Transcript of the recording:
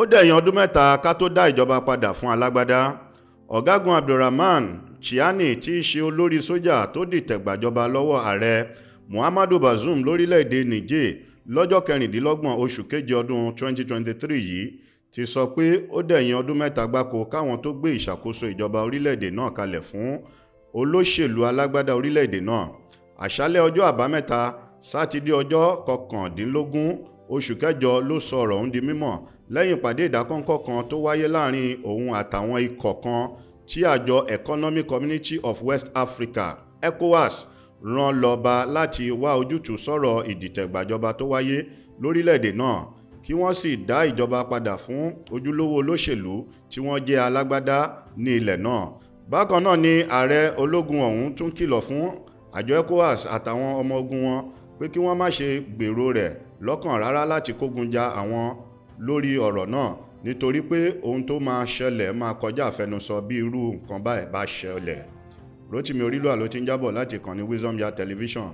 ó dẹ̀yìn ọdún mẹ́ta ká tó dá ìjọba padà fún alágbádá ọ̀gágun abdulrahman chiani tí í ṣe olórí sójà tó dìtẹ̀gbàjọba lọ́wọ́ ààrẹ muhammadu bazoum lórílẹ̀‐èdè niger lọ́jọ́ kẹrìndínlọ́gbọ̀n oṣù keje ọdún 2023 yìí ti sọ pé ó dẹ̀yìn ọdún mẹ́ta gbáko káwọn tó gbé ìṣàkóso ìjọba orílẹ̀‐èdè náà kalẹ̀ fún olóṣèlú alágbádá orílẹ̀‐èdè náà àṣálẹ́ ọjọ́ àbámẹ́ta sátidé ọjọ́ kọkàndínlógún oṣù kẹjọ ló sọ ọ̀rọ̀ ọ̀hún di mímọ̀ lẹ́yìn ìpàdé ìdákọ́ńkọ́ kan tó wáyé láàrin òun àtàwọn ikọ̀ kan tí àjọ economic community of west africa ecowas rán lọ́ba láti wá ojútùú sọ̀rọ̀ ìdìtẹ̀gbàjọba tó wáyé lórílẹ̀‐èdè náà kí wọ́n sì dá ìjọba padà fún ojúlówó olóṣèlú tí wọ́n jẹ́ alágbádá ní ilẹ̀ náà bákan náà ni ààrẹ ológun ọ̀hún tún kìlọ̀ fún àjọ ecowas àtàwọn ọmọ ogun wọn pé kí wọ́n má ṣe gbèrò rẹ̀ lọ́kàn rárá láti kógun ja àwọn lórí ọ̀rọ̀ náà nítorí pé ohun tó máa ṣẹlẹ̀ máa kọjá àfẹnusọ bí irú nǹkan báyìí bá ṣẹlẹ̀ Rotimi Orílùwà ló ti ń jábọ̀ láti kàn ní Wisdom Yard television